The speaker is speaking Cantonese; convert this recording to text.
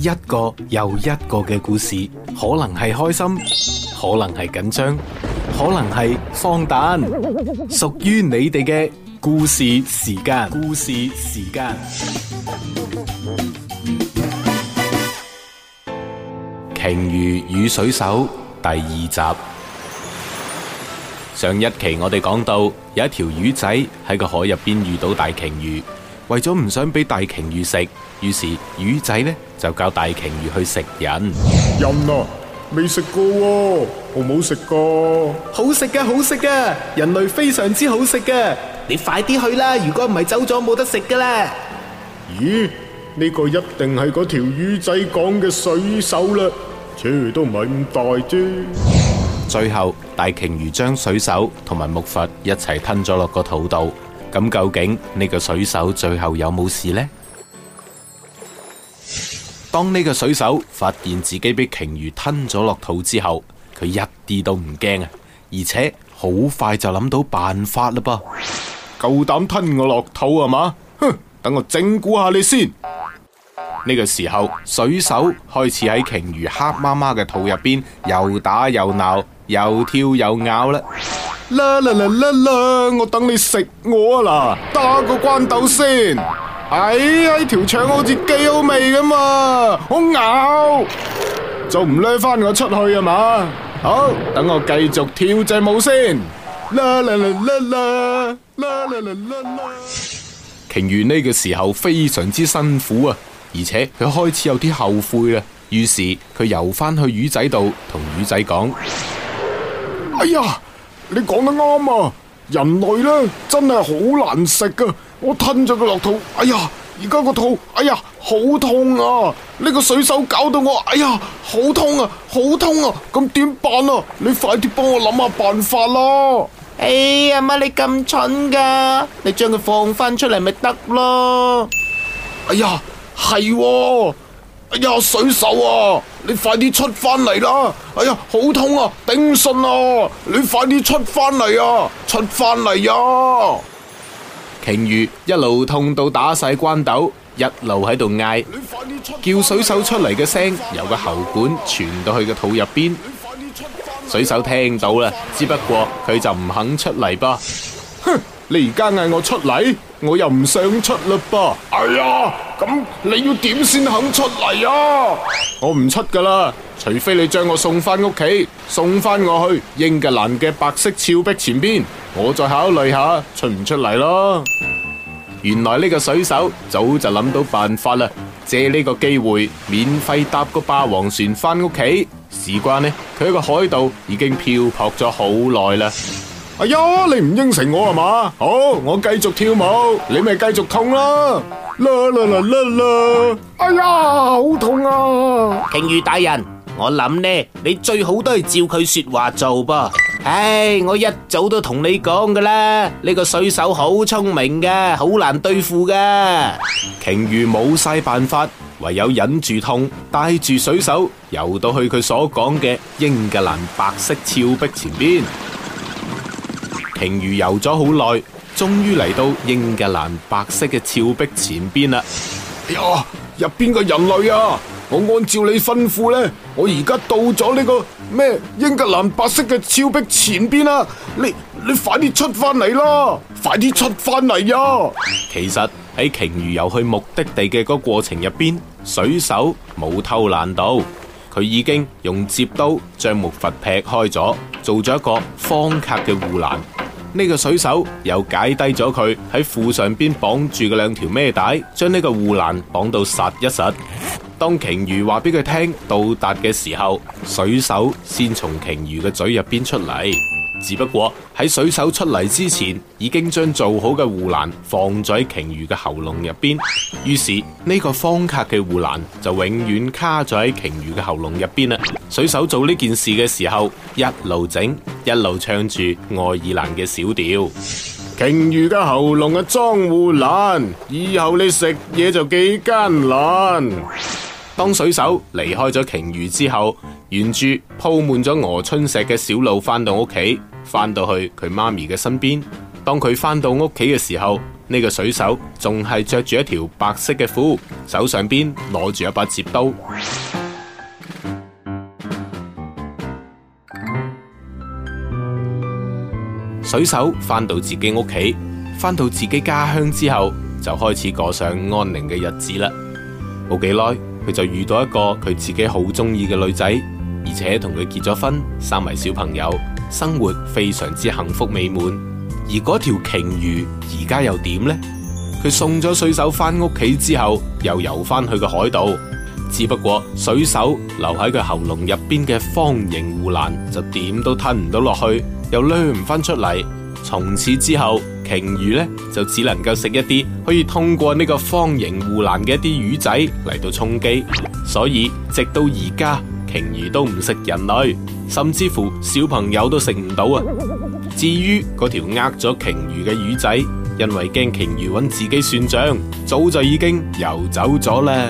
一個又一個嘅故事，可能係開心，可能係緊張，可能係荒誕，屬於 你哋嘅故事時間。故事時間。鯨魚與水手第二集。上一期我哋講到，有一條魚仔喺個海入邊遇到大鯨魚。為咗唔想俾大鯨魚食，於是魚仔呢就教大鯨魚去食人。人啊，未食過，我冇食過。好唔好食噶？好食嘅，人類非常之好食嘅。你快啲去啦，如果唔係走咗冇得食噶啦。咦？呢個一定係嗰條魚仔講嘅水手啦，船都唔係咁大啫。最後，大鯨魚將水手同埋木筏一齊吞咗落個肚度。咁究竟呢個水手最後有冇事呢？當呢個水手發現自己被鯨魚吞咗落肚之後，佢一啲都唔驚啊！而且好快就諗到辦法啦噃！夠膽吞我落肚吖嘛？哼！等我整蠱下你先。呢個時候，水手開始喺鯨魚黑麻麻嘅肚入邊又打又鬧，又跳又咬啦。啦啦啦啦，我等你食我啊啦！打個關斗先。唉哎呀，條腸好似幾好味咁啊！好咬，仲唔拉翻我出去啊嘛？好，等我繼續跳隻舞先。啦啦啦啦啦啦，啦啦啦！鯨魚呢個時候非常之辛苦啊，而且佢開始有啲後悔啦。於是佢游翻去魚仔度，同魚仔講，哎呀！你講得啱啊！人類咧真係好難食噶，我吞咗佢落肚，哎呀！而家個肚，哎呀，好痛啊！呢個水手搞到我，哎呀，好痛啊，好痛啊！咁點辦啊？你快啲幫我諗下辦法啦！哎呀乜你咁蠢噶？你將佢放翻出嚟咪得咯！哎呀，係喎，哎呀，水手啊！你快啲出翻嚟啦！哎呀，好痛啊，頂唔順啊！你快啲出翻嚟啊，出翻嚟啊！鯨魚一路痛到打晒關斗，一路喺度嗌，叫水手出嚟嘅聲由個喉管傳到佢嘅肚入邊。水手聽到啦，只不過佢就唔肯出嚟吧。哼，你而家嗌我出嚟？我又唔想出嘞噃。哎呀，咁你要點先肯出嚟啊？我唔出噶啦，除非你將我送返屋企，送返我去英格蘭嘅白色峭壁前邊，我再考慮下出唔出嚟咯。原來呢個水手早就諗到辦法啦，借呢個機會免費搭個霸王船返屋企。事關呢，佢喺個海度已經漂泊咗好耐啦。哎呀，你唔應承我係嘛？好，我繼續跳舞，你咪繼續痛啦！啦啦啦啦啦！哎呀，好痛啊！鯨魚大人，我諗呢，你最好都係照佢說話做噃。唉、哎，我一早都同你講噶啦，呢個水手好聰明嘅，好難對付噶。鯨魚冇晒辦法，唯有忍住痛，帶住水手游到去佢所講嘅英格蘭白色峭壁前邊。鯨魚游咗好耐，終於嚟到英格蘭白色嘅峭壁前邊啦！哎呀，入邊個人類啊！我按照你吩咐呢，我而家到咗呢、這個咩英格蘭白色嘅峭壁前邊啦、啊！你你快啲出翻嚟啦！快啲出翻嚟啊！其實喺鯨魚游去目的地嘅個過程入邊，水手冇偷懶到，佢已經用接刀將木筏劈開咗，做咗一個方格嘅護欄。呢個水手又解低咗佢喺褲上邊綁住嘅兩條孭帶將呢個護欄綁到實一實。當鯨魚話俾佢聽，到達嘅時候，水手先從鯨魚嘅嘴入邊出嚟。只不過喺水手出嚟之前，已經將做好嘅護欄放咗喺鯨魚嘅喉嚨入邊，於是呢個方格嘅護欄就永遠卡咗喺鯨魚嘅喉嚨入邊啦。水手做呢件事嘅時候，一路整，一路唱住愛爾蘭嘅小調。鯨魚嘅喉嚨啊，裝護欄，以後你食嘢就幾艱難。當水手離開咗鯨魚之後，沿住鋪滿咗鵝春石嘅小路翻到屋企。翻到去佢媽咪嘅身邊。當佢翻到屋企嘅時候，呢個水手仲係着住一條白色嘅褲，手上邊攞住一把折刀。水手翻到自己屋企，翻到自己家鄉之後，就開始過上安寧嘅日子啦。冇幾耐，佢就遇到一個佢自己好中意嘅女仔，而且同佢結咗婚，生埋小朋友。生活非常之幸福美滿，而嗰條鯨魚而家又點呢？佢送咗水手翻屋企之後，又游翻去個海度，只不過水手留喺佢喉嚨入邊嘅方形護欄就點都吞唔到落去，又掠唔翻出嚟。從此之後，鯨魚呢，就只能夠食一啲可以通過呢個方形護欄嘅一啲魚仔嚟到充飢，所以直到而家。鯨魚都唔食人類，甚至乎小朋友都食唔到啊！至於嗰條呃咗鯨魚嘅魚仔，因為驚鯨魚揾自己算賬，早就已經遊走咗啦。